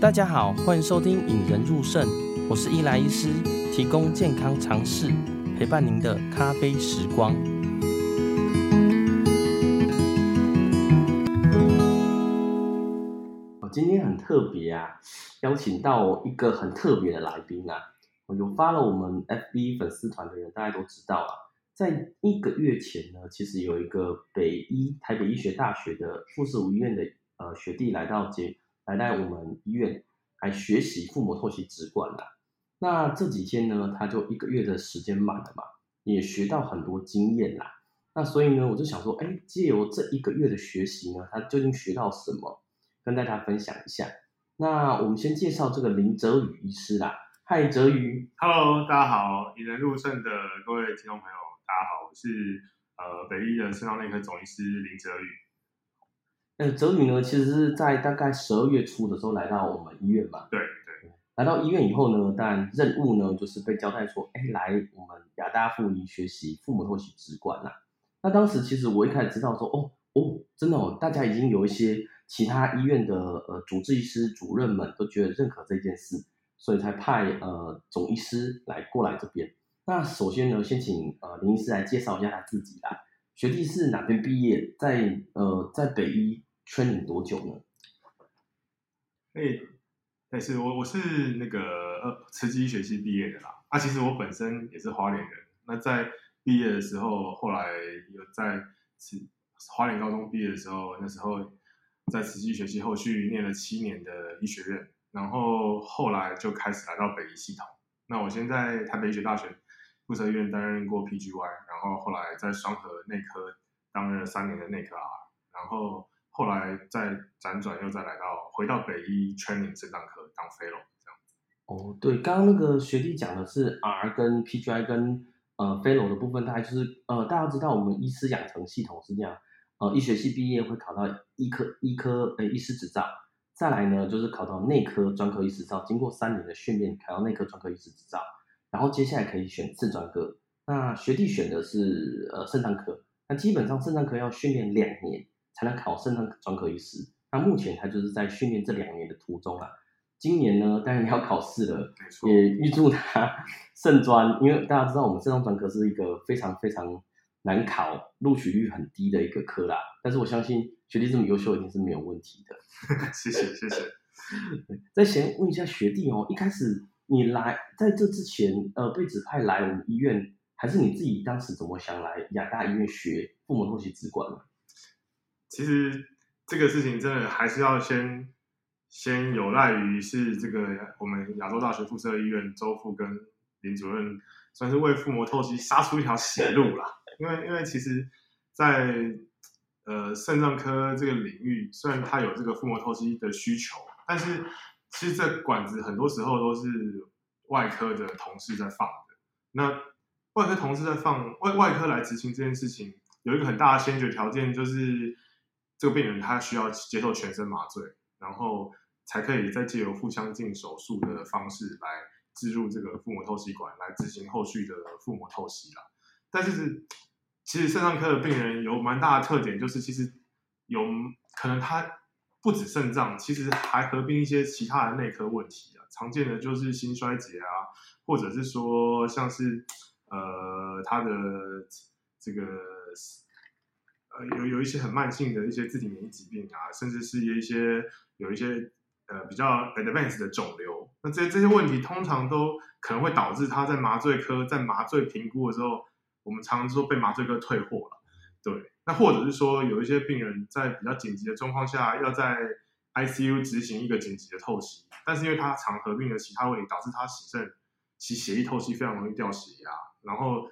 大家好，歡迎收聽《引人入腎》，我是依萊醫師，提供健康常識，陪伴您的咖啡時光。我今天很特別啊，邀請到一個很特別的來賓啊！有發了我們 FB 粉絲團的人，大家都知道啊，在一個月前呢，其實有一個北醫台北醫學大學的附設醫院的呃學弟來到這。來在我們醫院來學習腹膜透析植管的，那這幾天呢，他就一個月的時間滿了嘛，也學到很多經驗啦。那所以呢，我就想說，誒借由這一個月的學習呢，他究竟學到什麼，跟大家分享一下。那我們先介紹這個林哲宇醫師啦。嗨，哲宇，Hello，大家好，引人入腎的各位聽眾朋友，大家好，我是呃，北醫的腎臟內科總醫師林哲宇。呃，哲宇呢，其實是在大概十二月初的時候來到我們醫院嘛。對對。來到醫院以後呢，但任務呢就是被交代說，哎，來我們亞大附醫學習腹膜透析植管啦。啊、那當時其實我一開始知道說，哦哦，真的，哦，大家已經有一些其他醫院的呃主治醫師、主任們都覺得認可這件事，所以才派呃總醫師來過來這邊。那首先呢，先請呃林醫師來介紹一下他自己啦。學弟是哪邊畢業？在呃在北醫。圈你多久了？哎、欸、也、欸、是我，我是那個呃，慈濟醫學系畢業的啦。啊，其實我本身也是花蓮人。那在畢業的時候，後來有在慈花蓮高中畢業的時候，那時候在慈濟學系，後續念了七年的醫學院，然後後來就開始來到北醫系統。那我先在台北醫學大學附設醫院擔任過 PGY，然後後來在雙和內科擔任了三年的內科 R，、啊、然後。後來再輾轉又再來到回到北醫 training 腎臟科當 fellow 這樣。哦，對，剛剛那個學弟講的是 R 跟 PGI 跟呃 fellow 的部分，大概就是呃大家知道我們醫師養成系統是這樣，呃醫學系畢業會考到醫科醫科呃醫師執照，再來呢就是考到內科專科醫師執照，經過三年的訓練考到內科專科醫師執照，然後接下來可以選次專科，那學弟選的是呃腎臟科，那基本上腎臟科要訓練兩年。才能考腎臟專科醫師。那目前他就是在訓練這兩年的途中啊。今年呢，當然要考試了，沒錯。也預祝他腎專，因為大家知道我們腎臟專科是一個非常非常難考、錄取率很低的一個科啦。但是我相信學弟這麼優秀，一定是沒有問題的。謝謝、嗯、 謝謝。謝謝 再先問一下學弟哦、喔，一開始你來在這之前，呃，被指派來我們醫院，還是你自己當時怎麼想來亞大醫院學腹膜透析植管呢？其實這個事情真的還是要先先有賴於是這個我們亞洲大學附設醫院周副跟林主任，算是為腹膜透析殺出一條血路啦。因為因為其實在，在呃腎臟科這個領域，雖然它有這個腹膜透析的需求，但是其實這管子很多時候都是外科的同事在放的。那外科同事在放，外外科來執行這件事情，有一個很大的先決條件就是。這個病人他需要接受全身麻醉，然後才可以再借由腹腔鏡手術的方式來置入這個腹膜透析管來執行後續的腹膜透析了。但是，其實腎臟科的病人有蠻大的特點，就是其實有可能他不止腎臟，其實還合併一些其他的內科問題。常見的就是心衰竭啊，或者是說像是呃，他的這個。有有一些很慢性的一些自體免疫疾病啊，甚至是一有一些有一些呃比較 advanced 的腫瘤，那這這些問題通常都可能會導致他在麻醉科在麻醉評估的時候，我們常常說被麻醉科退貨了，啊。對，那或者是說有一些病人在比較緊急的狀況下要在 ICU 執行一個緊急的透析，但是因為他常合併的其他問題，導致他洗腎其血液透析非常容易掉血壓，然後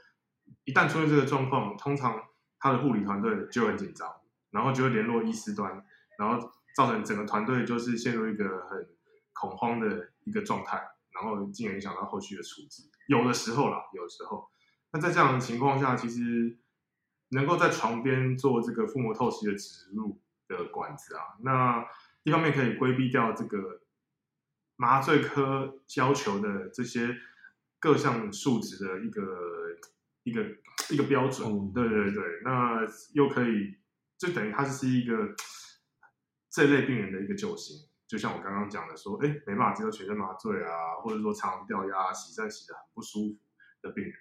一旦出現這個狀況，通常。他的護理團隊就很緊張，然後就會聯絡醫師端，然後造成整個團隊就是陷入一個很恐慌的一個狀態，然後進而影響到後續的處置。有的時候啦，有的時候，那在這樣的情況下，其實能夠在床邊做這個腹膜透析的植入的管子啊，那一方面可以規避掉這個麻醉科要求的這些各項數值的一個一個，一個標準，對對對，那又可以，就等於它是一個這一類病人的一個救星。就像我剛剛講的，說，哎，沒辦法接受全身麻醉啊，或者說常常掉壓啊，洗腎洗得很不舒服的病人。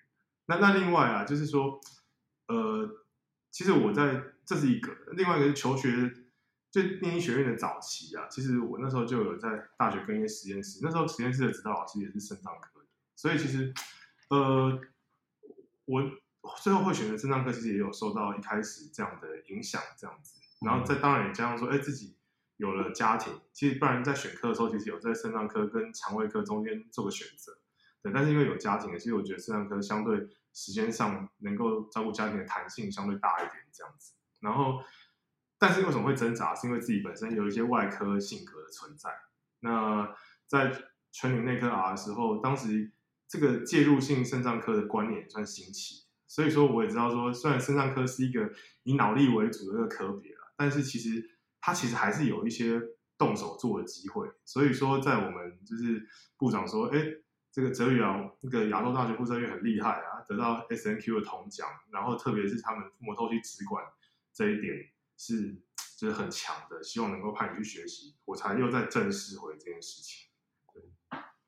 那那另外啊，就是說，呃，其實我在這是一個，另外一個是求學，就念醫學院的早期啊，其實我那時候就有在大學跟一些實驗室，那時候實驗室的指導老師也是腎臟科的，所以其實，呃，我。最後會選擇腎臟科，其實也有受到一開始這樣的影響，這樣子。然後在當然也加上說，哎、欸，自己有了家庭，其實不然在選科的時候，其實有在腎臟科跟腸胃科中間做個選擇。對，但是因為有家庭，其實我覺得腎臟科相對時間上能夠照顧家庭的彈性相對大一點，這樣子。然後，但是為什麼會掙扎，是因為自己本身有一些外科性格的存在。那在全民內科二的時候，當時這個介入性腎臟科的觀念也算新奇。所以說我也知道說，雖然腎臟科是一個以腦力為主的一個科別啦，但是其實他其實還是有一些動手做的機會。所以說在我們就是部長說，哎，這個哲宇啊，那、這個亞洲大學附設醫院很厲害啊，得到 SNQ 的銅獎，然後特別是他們腹膜透析植管這一點是就是很強的，希望能夠派你去學習，我才又在正式回這件事情。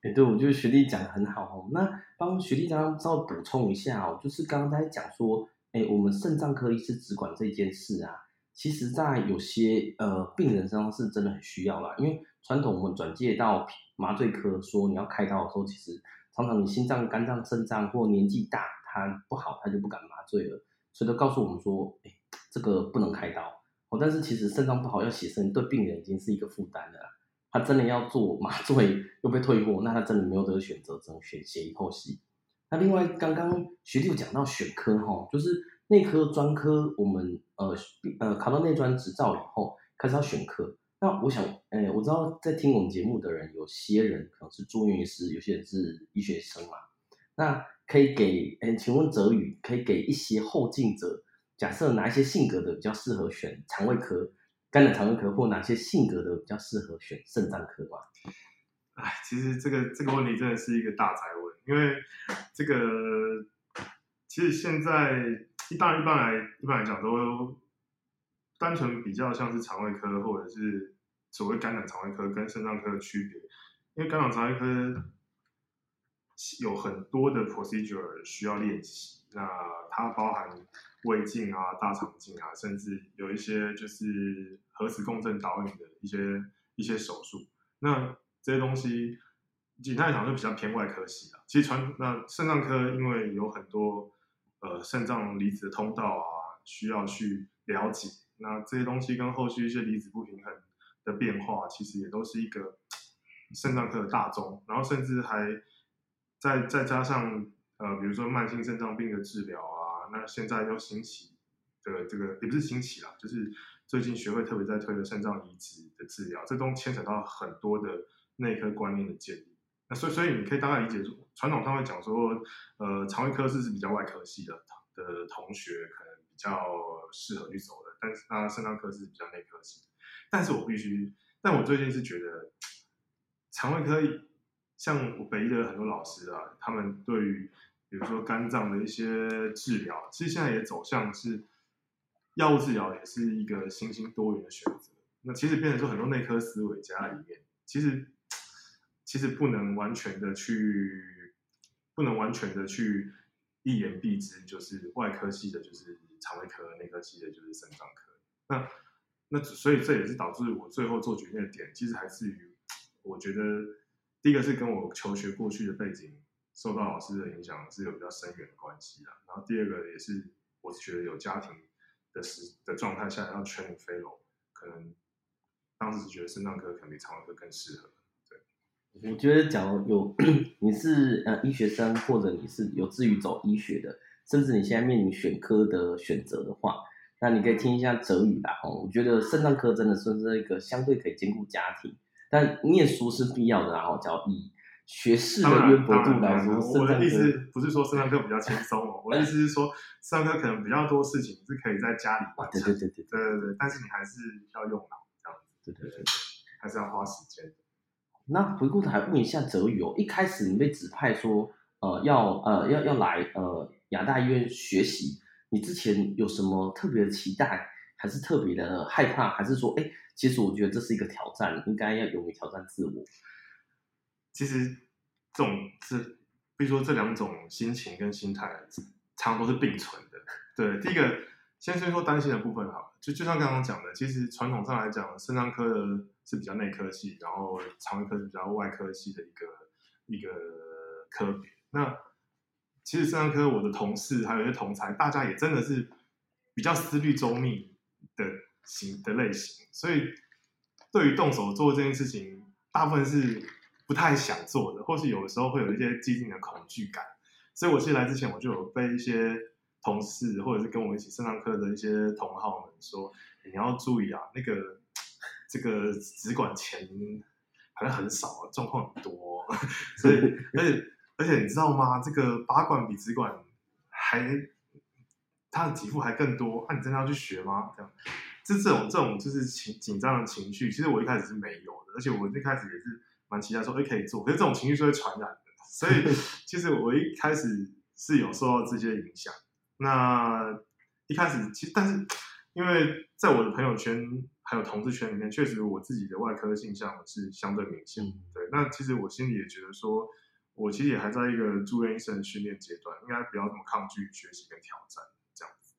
誒、欸、對，我覺得學弟講的很好哦。那幫學弟剛剛稍微補充一下哦，就是剛剛在講說，哎、欸，我們腎臟科醫師植管這件事啊。其實，在有些呃病人身上是真的很需要啦，因為傳統我們轉介到麻醉科說你要開刀的時候，其實常常你心臟、肝臟、腎臟或年紀大，他不好，他就不敢麻醉了，所以都告訴我們說，哎、欸，這個不能開刀。哦，但是其實腎臟不好要洗腎，對病人已經是一個負擔了啦。他真的要做麻醉，又被退貨，那他真的沒有得選擇，只能選血液透析。那另外，剛剛學弟有講到選科哈，就是內科專科，我們呃呃考到內專執照以後，開始要選科。那我想，哎、欸，我知道在聽我們節目的人，有些人可能是住院醫師，有些人是醫學生嘛。那可以給，哎、欸，請問哲宇，可以給一些後進者，假設哪一些性格的比較適合選腸胃科？肝膽腸胃科或哪些性格的比較適合選腎臟科吧？哎，其實這個這個問題真的是一個大哉問，因為這個其實現在一般一般來一般來講都單純比較像是腸胃科或者是所謂肝膽腸胃科跟腎臟科的區別，因為肝膽腸胃科有很多的 procedure 需要練習。那它包含胃鏡啊、大腸鏡啊，甚至有一些就是核磁共振導引的一些一些手術，那這些東西，簡單來講是比較偏外科系了。其實傳那腎臟科，因為有很多呃腎臟離子的通道啊，需要去了解。那這些東西跟後續一些離子不平衡的變化，其實也都是一個腎臟科的大宗。然後甚至還再再加上。呃，比如說慢性腎臟病的治療啊，那現在又興起的這個，也不是興起啦，就是最近學會特別在推的腎臟移植的治療，這都牽扯到很多的內科觀念的建立。那所以，所以你可以大概理解，傳統上會講說，呃，腸胃科是比較外科系的的同學可能比較適合去走的，但是他腎臟科是比較內科系的。但是我必須，但我最近是覺得腸胃科，像我北醫的很多老師啊，他們對於比如說肝臟的一些治療，其實現在也走向是藥物治療，也是一個新興多元的選擇。那其實變成說很多內科思維家裡面，其實其實不能完全的去不能完全的去一言蔽之，就是外科系的，就是腸胃科，內科系的，就是腎臟科。那那所以這也是導致我最後做決定的點，其實來自於我覺得第一個是跟我求學過去的背景。受到老師的影響是有比較深遠的關係啊。然後第二個也是，我是覺得有家庭的時的狀態下要全領飛龍，可能當時是覺得腎臟科可能比腸胃科更適合。對，我覺得假如有你是呃醫學生或者你是有志於走醫學的，甚至你現在面臨選科的選擇的話，那你可以聽一下哲宇吧。哦，我覺得腎臟科真的是一個相對可以兼顧家庭，但念書是必要的，然後叫醫。學識的淵博度來說，我的意思不是說腎臟科比較輕鬆哦，我的意思是說，腎臟科可能比較多事情是可以在家裡完成，對對對，但是你還是要用腦這樣子，對對對，還是要花時間。那回過頭來問一下哲宇哦，一開始你被指派說，呃，要呃要要來呃亞大醫院學習，你之前有什麼特別的期待，還是特別的害怕，還是說，哎，其實我覺得這是一個挑戰，應該要勇於挑戰自我。其實，總是，比如說這兩種心情跟心態，常常都是並存的。對，第一個先先說擔心的部分，好，就就像剛剛講的，其實傳統上來講，腎臟科是比較內科系，然後腸胃科是比較外科系的一個一個科。那其實腎臟科，我的同事還有一些同儕，大家也真的是比較思慮周密的型的類型，所以對於動手做這件事情，大部分是。不太想做的，或是有的時候會有一些既定的恐懼感，所以我其實來之前我就有被一些同事，或者是跟我們一起腎臟科的一些同好們說、欸：“你要注意啊，那個這個植管錢好像很少，狀況很多、哦， 所以而且而且你知道嗎？這個拔管比植管還他的給付還更多，那、啊、你真的要去學嗎？這樣，這這種這種就是緊緊張的情緒，其實我一開始是沒有的，而且我一開始也是。蠻期待說，哎、欸，可以做。可是這種情緒是會傳染的，所以其實我一開始是有受到這些影響。 那一開始，其實但是因為在我的朋友圈還有同事圈裡面，確實我自己的外科性向是相對明顯的。嗯、對，那其實我心裡也覺得說，我其實也還在一個住院醫生的訓練階段，應該不要這麼抗拒學習跟挑戰這樣子，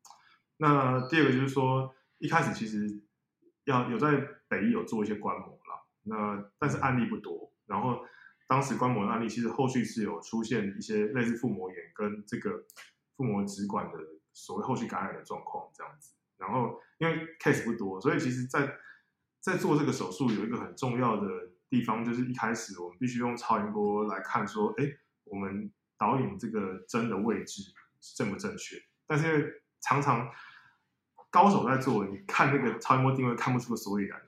那第二個就是說，一開始其實要有在北醫有做一些觀摩。那但是案例不多，然後當時觀摩的案例，其實後續是有出現一些類似腹膜炎跟這個腹膜植管的所謂後續感染的狀況這樣子。然後因為 case 不多，所以其實在，在在做這個手術有一個很重要的地方，就是一開始我們必須用超音波來看，說，哎，我們導引這個針的位置是正不正確？但是因為常常高手在做，你看那個超音波定位看不出個所以然。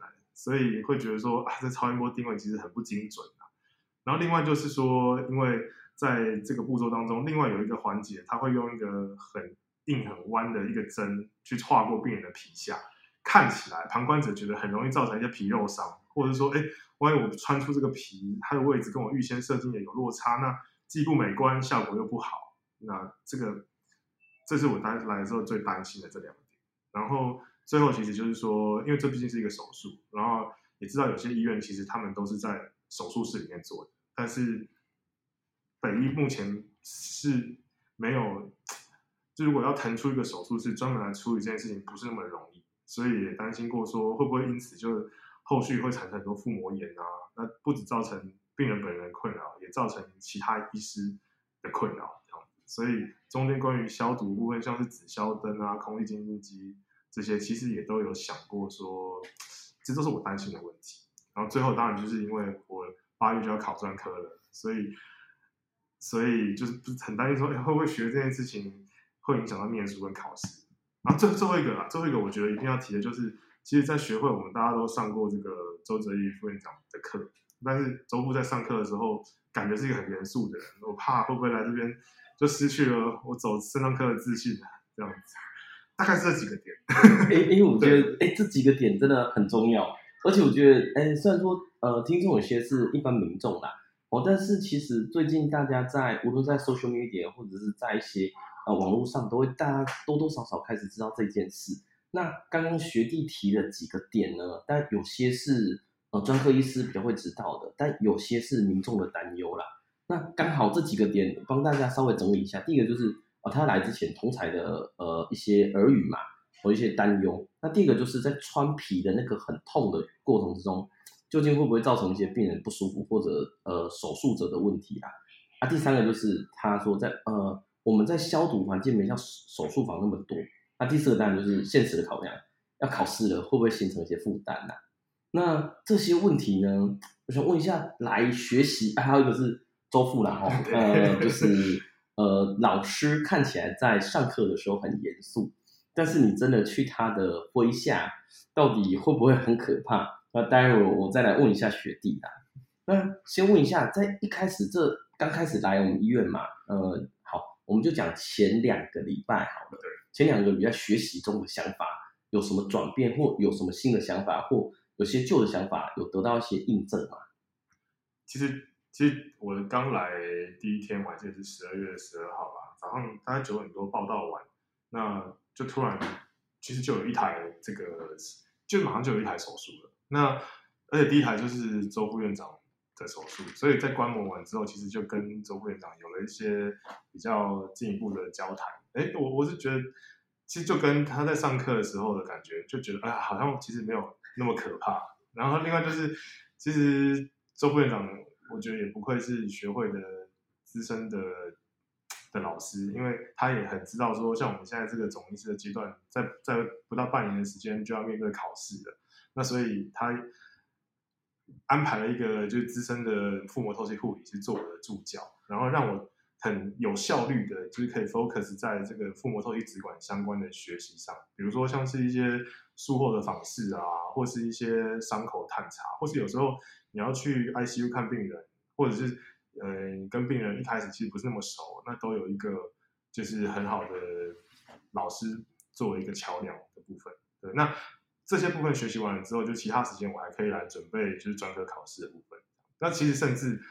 所以會覺得說，啊，這超音波定位其實很不精準啊。然後另外就是說，因為在這個步驟當中，另外有一個環節，它會用一個很硬、很彎的一個針去劃過病人的皮下，看起來旁觀者覺得很容易造成一些皮肉傷，或者說，哎，萬一我穿出這個皮，它的位置跟我預先設定的有落差，那既不美觀，效果又不好。那這個，這是我當時來的時候最擔心的這兩點。然後。最後其實就是說，因為這畢竟是一個手術，然後也知道有些醫院其實他們都是在手術室裡面做的，但是北醫目前是沒有，就如果要騰出一個手術室專門來處理這件事情，不是那麼容易，所以也擔心過說，會不會因此就是後續會產生很多腹膜炎啊，那不止造成病人本人的困擾，也造成其他醫師的困擾，所以中間關於消毒部分，像是紫外燈啊、空氣清新機。這些其實也都有想過說，說這都是我擔心的問題。然後最後當然就是因為我八月就要考專科了，所以所以就是很擔心說，哎，會不會學這件事情會影響到念書跟考試？然後最最後一個啊，最後一個我覺得一定要提的就是，其實，在學會我們大家都上過這個周澤毅副院長的課，但是周副在上課的時候，感覺是一個很嚴肅的人，我怕會不會來這邊就失去了我走腎臟科的自信啊，這樣子。大概是這幾個點，因 為、哎哎、我覺得、哎，這幾個點真的很重要，而且我覺得、哎，雖然說，呃，聽眾有些是一般民眾啦，哦，但是其實最近大家在無論在 social media 或者是在一些呃網絡上，都會大家多多少少開始知道這件事。那剛剛學弟提了幾個點呢？但有些是呃專科醫師比較會知道的，但有些是民眾的擔憂啦。那剛好這幾個點，幫大家稍微整理一下。第一個就是。哦、他來之前同才，同台的呃一些耳語嘛，和一些擔憂。那第一個就是在穿皮的那個很痛的過程之中，究竟會不會造成一些病人不舒服或者呃手術者的問題啊？那、啊、第三個就是他說在呃我們在消毒環境沒像手術房那麼多。那、啊、第四個當然就是現實的考量，要考試了會不會形成一些負擔啊？那這些問題呢，我想問一下來學習、啊，還有一個是周富蘭哦，呃就是。 呃，老師看起來在上課的時候很嚴肅，但是你真的去他的麾下，到底會不會很可怕？那待會我再來問一下學弟吧，啊。那先問一下，在一開始這剛開始來我們醫院嘛？呃，好，我們就講前兩個禮拜好了。前兩個禮拜學習中的想法有什麼轉變，或有什麼新的想法，或有些舊的想法有得到一些印證嘛？其實。其實我剛來第一天晚就是十二月十二號吧，早上大概九點多報到完，那就突然其實就有一台這個，就馬上就有一台手術了。那而且第一台就是周副院長的手術，所以在觀摩完之後，其實就跟周副院長有了一些比較進一步的交談。哎，我我是覺得，其實就跟他在上課的時候的感覺，就覺得哎，好像其實沒有那麼可怕。然後另外就是，其實周副院長。我覺得也不愧是學會的資深的的老師，因為他也很知道說，像我們現在這個總醫師的階段，在在不到半年的時間就要面對考試了，那所以他安排了一個就是資深的腹膜透析護理去做我的助教，然後讓我。很有效率的，就是可以 focus 在這個腹膜透析植管相關的學習上，比如說像是一些術後的訪視啊，或是一些傷口探查，或是有時候你要去 ICU 看病人，或者是嗯跟病人一開始其實不是那麼熟，那都有一個就是很好的老師作為一個橋樑的部分。對，那這些部分學習完了之後，就其他時間我還可以來準備就是專科考試的部分。那其實甚至。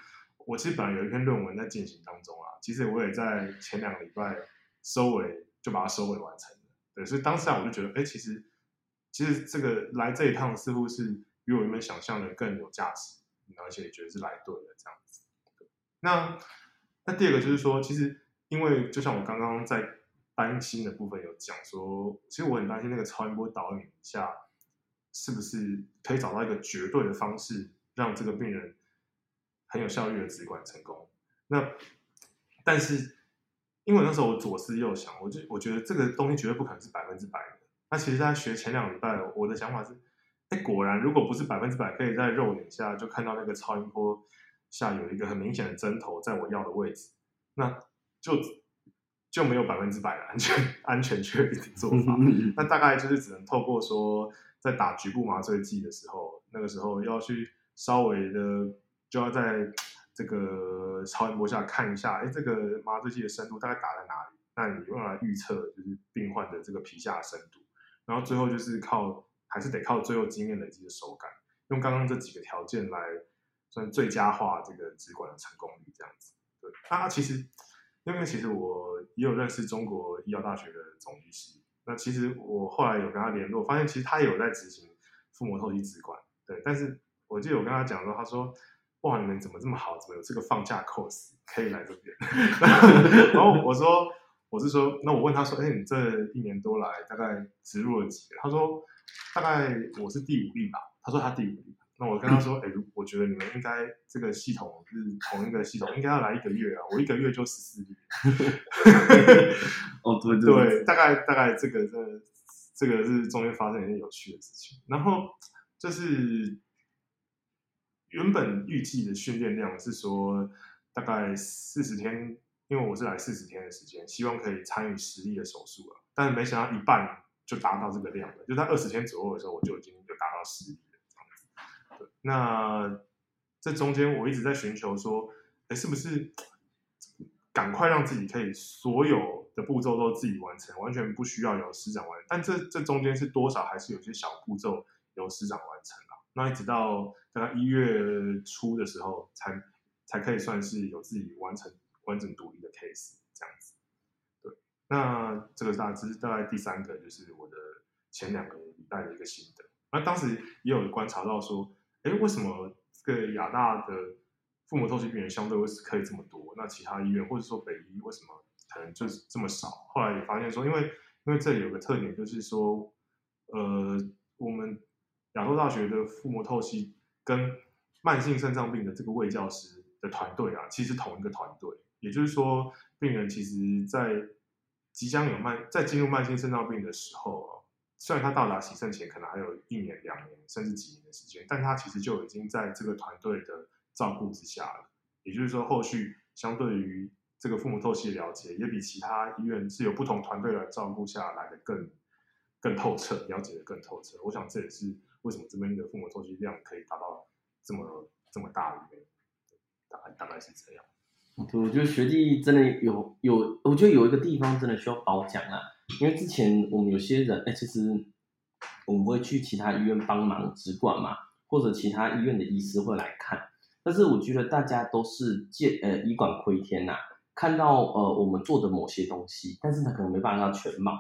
我其實本來有一篇論文在進行當中啊，其實我也在前兩個禮拜收尾，就把它收尾完成了。對，所以當時我就覺得，哎、欸，其實其實這個來這一趟似乎是比我原本想象的更有價值，而且也覺得是來對了這樣子。那那第二個就是說，其實因為就像我剛剛在擔心的部分有講說，其實我很擔心那個超音波導引下是不是可以找到一個絕對的方式讓這個病人。很有效率的植管成功。那但是，因為那時候我左思右想，我就我覺得這個東西絕對不可能是百分之百的。那其實，在學前兩禮拜，我的想法是：哎、欸，果然，如果不是百分之百可以在肉眼下就看到那個超音波下有一個很明顯的針頭在我要的位置，那就就沒有百分之百的安全、安全確定的做法。 那大概就是只能透過說，在打局部麻醉劑的時候，那個時候要去稍微的。就要在這個超音波下看一下，哎，這個麻醉劑的深度大概打在哪裡？那你用來預測就是病患的這個皮下的深度，然後最後就是靠還是得靠最後經驗累積的手感，用剛剛這幾個條件來算最佳化這個植管的成功率，這樣子。對，啊，其實因為其實我也有認識中國醫藥大學的總醫師，那其實我後來有跟他聯絡，發現其實他也有在執行腹膜透析植管，對，但是我記得我跟他講說，他說。哇！你們怎麼這麼好？怎麼有這個放假 course 可以來這邊？ 然後我說，我是說，那我問他說：“欸，你這一年多來大概植入了幾個？”他說：“大概我是第五例吧。”他說他第五例。”那我跟他說：“欸，我覺得你們應該這個系統就是同一個系統，應該要來一個月啊！我一個月就十四例。 對”哦，對對，大概大概這個這這個是中間發生了一些有趣的事情。然後就是。原本預計的訓練量是說大概四十天，因為我是來四十天的時間，希望可以參與十例的手術了。但是沒想到一半就達到這個量了，就在二十天左右的時候，我就已經就達到十例了。那這中間我一直在尋求說，哎，是不是趕快讓自己可以所有的步驟都自己完成，完全不需要由師長完成。但這這中間是多少，還是有些小步驟由師長完成。一直到等到一月初的時候，才才可以算是有自己完成完整獨立的 case 這樣子。對，那這個大致大概第三個，就是我的前兩個禮拜的一個心得。那當時也有觀察到說，哎，為什麼這個亞大的腹膜透析病人相對會可以這麼多？那其他醫院或者說北醫為什麼可能就是這麼少？後來也發現說，因為因為這裡有個特點，就是說，呃，我們。亞洲大學的腹膜透析跟慢性腎臟病的這個衛教師的團隊啊，其實同一個團隊。也就是說，病人其實在，在即將有慢在進入慢性腎臟病的時候，雖然他到達洗腎前可能還有一年、兩年甚至幾年的時間，但他其實就已經在這個團隊的照顧之下了。也就是說，後續相對於這個腹膜透析的了解，也比其他醫院是由不同團隊來照顧下來的更更透徹，了解的更透徹。我想這也是。為什麼這邊的腹膜透析量可以達到這麼這麼大？裡面大概大概是這樣。我覺得學弟真的有有，我覺得有一個地方真的需要褒獎啊！因為之前我們有些人，欸、其實我們會去其他醫院幫忙植管嘛，或者其他醫院的醫師會來看。但是我覺得大家都是借呃以管窺天吶、啊，看到呃我們做的某些東西，但是他可能沒辦法全貌。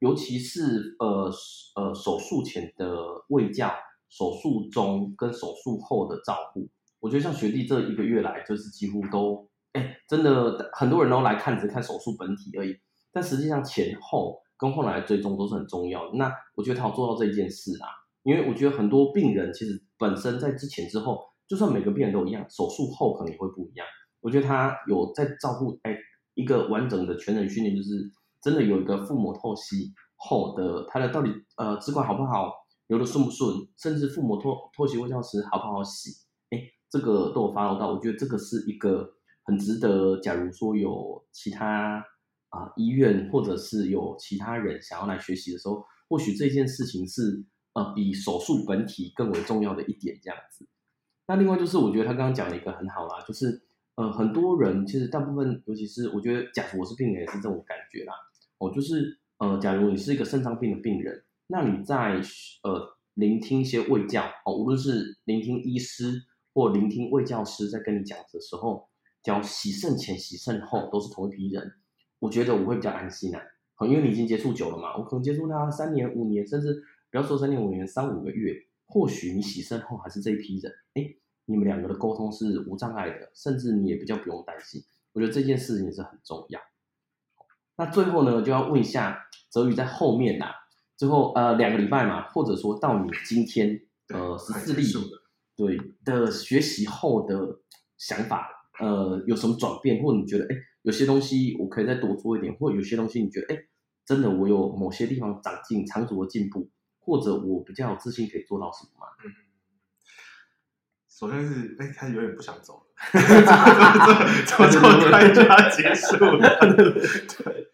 尤其是呃呃手術前的衛教、手術中跟手術後的照顧，我覺得像學弟這一個月來就是幾乎都哎，真的很多人都來看，只看手術本體而已，但實際上前後跟後來追蹤，都是很重要的。那我覺得他有做到這一件事啊，因為我覺得很多病人其實本身在之前之後，就算每個病人都一樣，手術後可能也會不一樣。我覺得他有在照顧哎一個完整的全能訓練，就是。真的有一個腹膜透析後的，他的到底呃，植管好不好，流的順不順，甚至腹膜透透析換藥時好不好洗，哎，這個都有 follow 到。我覺得這個是一個很值得，假如說有其他啊、呃、醫院或者是有其他人想要來學習的時候，或許這件事情是呃比手術本體更為重要的一點這樣子。那另外就是我覺得他剛剛講了一個很好啦，就是呃很多人其實大部分，尤其是我覺得假如我是病人也是這種感覺啦。哦，就是呃，假如你是一個腎臟病的病人，那你在呃聆聽一些衛教哦，無論是聆聽醫師或聆聽衛教師在跟你講的時候，只要洗腎前、洗腎後都是同一批人，我覺得我會比較安心呢、啊。好、嗯，因為你已經接觸久了嘛，我可能接觸他三年、五年，甚至不要說三年五年，三五個月，或許你洗腎後還是這一批人，哎、欸，你們兩個的溝通是無障礙的，甚至你也比較不用擔心。我覺得這件事情是很重要。那最後呢，就要問一下哲宇，在後面啊，最後呃兩個禮拜嘛，或者說到你今天呃十四例對，的，對的學習後的想法，呃有什麼轉變，或者你覺得哎、欸、有些東西我可以再多做一點，或者有些東西你覺得哎、欸、真的我有某些地方長進、長足的進步，或者我比較有自信可以做到什麼嗎？首先是，哎、欸，開始有點不想走了，就 這麼怎麼怎麼怎麼快就要結束了。對，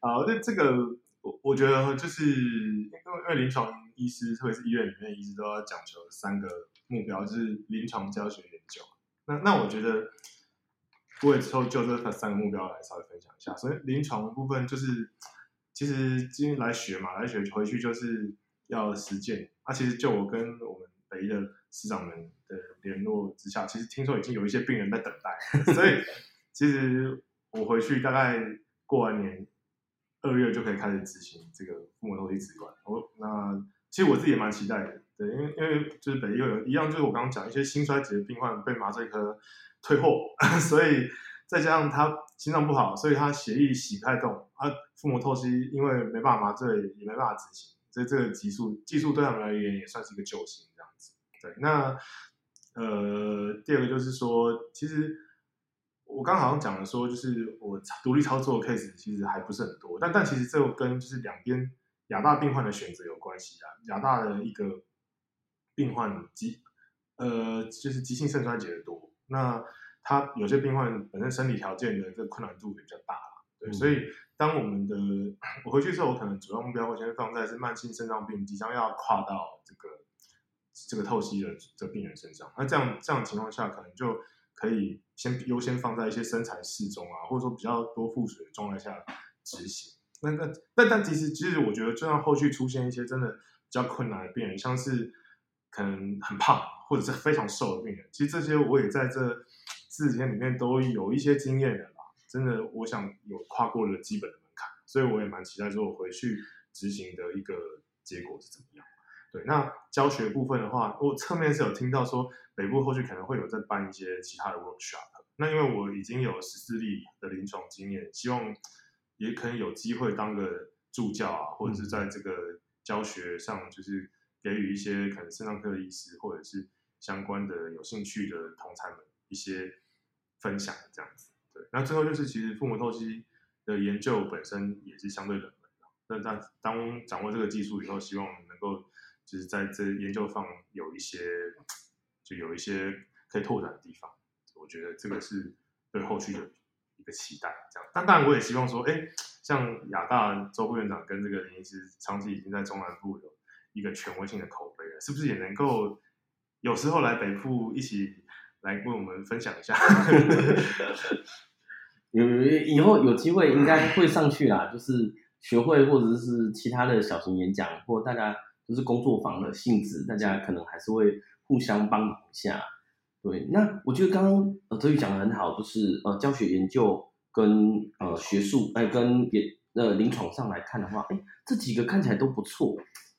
好，那這個我我覺得就是，因為因為臨床醫師，特別是醫院裡面，一直都要講求三個目標，就是臨床、教學、研究。那那我覺得，我也之後就這三個目標來稍微分享一下。所以臨床的部分就是，其實今天來學嘛，來學回去就是要實踐。他、啊、其實就我跟我們。北醫的師長們的聯絡之下，其實聽說已經有一些病人在等待， 所以其實我回去大概過完年，二月就可以開始執行這個腹膜透析植管。我那其實我自己也蠻期待的，對，因為因為就是北醫有一樣，就是我剛剛講一些心衰竭的病患被麻醉科退貨，所以再加上他心臟不好，所以他血液洗太動，他腹膜透析因為沒辦法麻醉也沒辦法執行，所以這個技術技術對他們而言也算是一個救星。對，那，呃，第二個就是說，其實我剛剛好像講了說，說就是我獨立操作的 case 其實還不是很多，但但其實這又跟就是兩邊亞大病患的選擇有關係啊。亞大的一個病患急，呃，就是急性腎衰竭的多，那他有些病患本身身體條件的這個困難度也比較大啊，對，嗯，所以當我們的我回去之後，我可能主要目標會先放在是慢性腎臟病即將要跨到這個。這個透析的這個、病人身上，那這樣這樣的情況下，可能就可以先優先放在一些身材適中啊，或者說比較多腹水的狀態下執行。那那那但其實其實我覺得，就算後續出現一些真的比較困難的病人，像是可能很胖，或者是非常瘦的病人，其實這些我也在這四十天裡面都有一些經驗的啦。真的，我想有跨過了基本的門檻，所以我也蠻期待說，我回去執行的一個結果是怎麼樣。對，那教學部分的話，我側面是有聽到說，北部後續可能會有在辦一些其他的 workshop。那因為我已經有十四例的臨床經驗，希望也可以有機會當個助教啊，或者是在這個教學上，就是給予一些可能腎臟科的醫師或者是相關的有興趣的同儕們一些分享這樣子。對，那最後就是其實腹膜透析的研究本身也是相對冷門的，那但當掌握這個技術以後，希望能夠。就是在這研究上有一些，就有一些可以拓展的地方。我覺得這個是對後續的一個期待。這樣，但當然我也希望說，哎、欸，像亞大周副院長跟這個林醫師，長期已經在中南部有一個權威性的口碑了，是不是也能夠有時候來北部一起來為我們分享一下？有 以後有機會應該會上去啦，就是學會或者是其他的小型演講，或大家。就是工作坊的性質，大家可能還是會互相幫忙一下。對，那我覺得剛剛呃哲宇講的很好，就是呃教學研究跟呃學術呃跟也呃臨床上來看的話，哎、欸、這幾個看起來都不錯。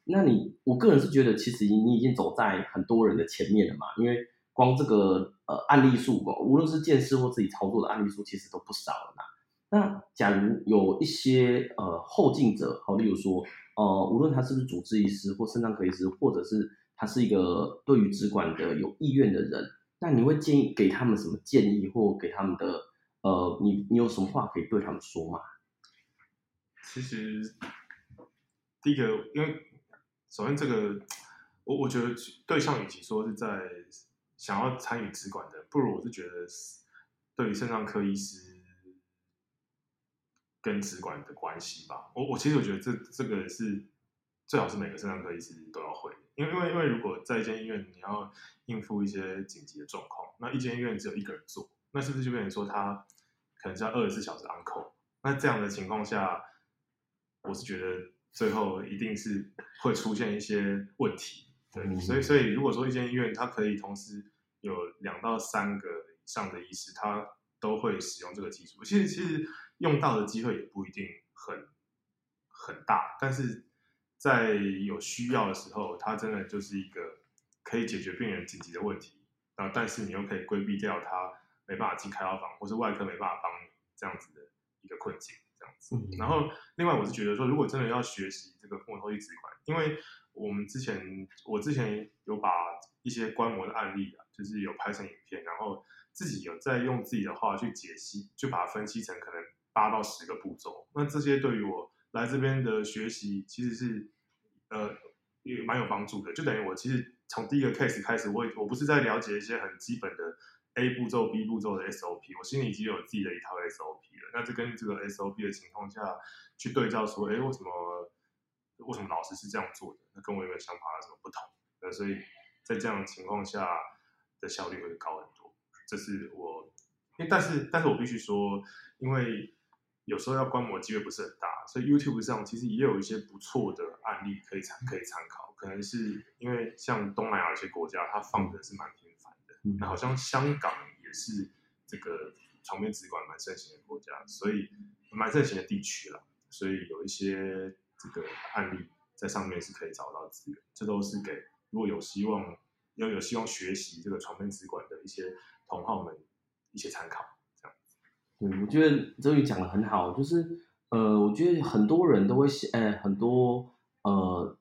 那你我個人是覺得，其實你已經走在很多人的前面了嘛。因為光這個呃案例數，無論是見識或自己操作的案例數，其實都不少了嘛。那假如有一些呃後進者，好，例如說。呃，無論他是不是主治醫師或腎臟科醫師，或者是他是一個對於植管的有意願的人，那你會建議給他們什麼建議，或給他們的呃，你你有什麼話可以對他們說嗎？其實，第一個，因為首先這個，我我覺得對象與其說是在想要參與植管的，不如我是覺得對於腎臟科醫師。跟植管的關係吧，我我其實我覺得這這個是最好是每個腎臟科醫師都要會，因為因為因為如果在一間醫院，你要應付一些緊急的狀況，那一間醫院只有一個人做，那是不是就變成說他可能在二十四小時 on call？那這樣的情況下，我是覺得最後一定是會出現一些問題，對，嗯、所以所以如果說一間醫院他可以同時有兩到三個以上的醫師，他都會使用這個技術，其實其實。用到的機會也不一定很很大，但是在有需要的時候，它真的就是一個可以解決病人緊急的問題，然後、啊、但是你又可以規避掉他沒辦法進開刀房，或是外科沒辦法幫你這樣子的一個困境。這樣子。嗯、然後另外，我是覺得說，如果真的要學習這個腹膜透析植管，因為我們之前我之前有把一些觀摩的案例啊，就是有拍成影片，然後自己有在用自己的話去解析，就把它分析成可能。八到十個步驟，那這些對於我來這邊的學習，其實是呃也蠻有幫助的。就等於我其實從第一個 case 開始，我也我不是在了解一些很基本的 A 步驟、B 步驟的 SOP，我心裡已經有自己的一套 SOP 了。那這跟這個 SOP 的情況下去對照說，說哎，為什麼為什麼老師是這樣做的？那跟我有沒有想法有什麼不同？那所以在這樣的情況下的效率會高很多。這是我，因為但是但是我必須說，因為有時候要觀摩的機會不是很大，所以 YouTube 上其實也有一些不錯的案例可以參、嗯、可以參考。可能是因為像東南亞一些國家，它放的是蠻頻繁的。嗯、那好像香港也是這個床邊植管蠻盛行的國家，所以蠻盛行的地區了。所以有一些這個案例在上面是可以找到資源。這都是給如果有希望要有希望學習這個床邊植管的一些同好們一些參考。對，我覺得這裡講的很好，就是呃，我覺得很多人都會呃，很多呃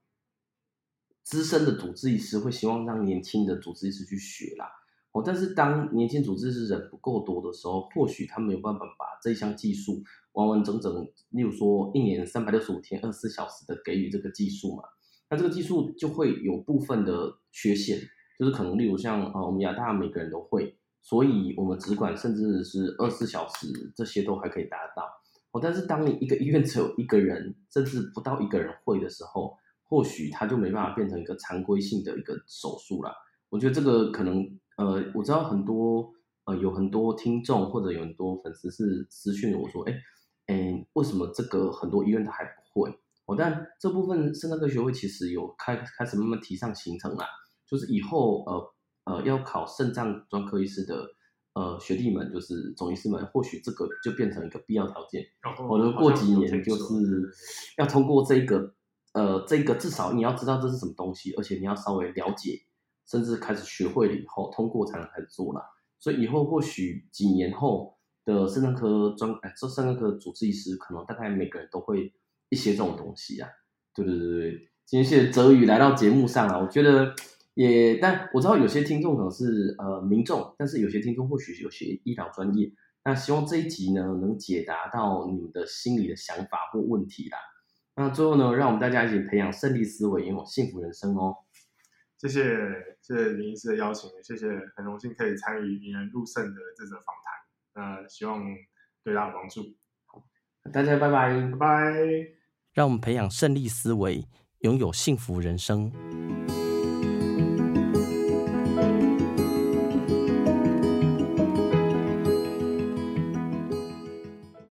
資深的主治醫師會希望讓年輕的主治醫師去學啦。哦，但是當年輕主治醫師人不夠多的時候，或許他沒有辦法把這一項技術完完整整，例如說一年三百六十五天，二十四小時的給予這個技術嘛，那這個技術就會有部分的缺陷，就是可能例如像呃，我們亞大每個人都會。所以我們只管，甚至是二十四小時，這些都還可以達到。哦，但是當你一個醫院只有一個人，甚至不到一個人會的時候，或許他就沒辦法變成一個常規性的一個手術啦。我覺得這個可能，呃，我知道很多，呃，有很多聽眾或者有很多粉絲是私信我說，哎，哎，為什麼這個很多醫院他還不會？哦，但這部分腎臟科學會其實有開開始慢慢提上行程啦，就是以後，呃。呃，要考腎臟專科醫師的呃學弟們，就是總醫師們，或許這個就變成一個必要條件。或者，哦哦，過幾年就是要通過這個呃這個，呃、這個至少你要知道這是什麼東西，而且你要稍微了解，甚至開始學會了以後，通過才能開始做啦。所以以後或許幾年後的腎臟科專，做腎臟科主治醫師，可能大概每個人都會一些這種東西啊。對對對對，今天謝謝哲宇來到節目上啊，我覺得。也，但我知道有些聽眾可能是呃民眾，但是有些聽眾或許有些醫療專業。那希望這一集呢，能解答到你的心裡的想法或問題啦。那最後呢，讓我們大家一起培養腎利思維，擁有幸福人生哦。謝謝，謝謝林醫師的邀請，謝謝，很榮幸可以參與引人入腎的這次訪談。那、呃、希望對大家有幫助。大家拜拜，拜拜。讓我們培養腎利思維，擁有幸福人生。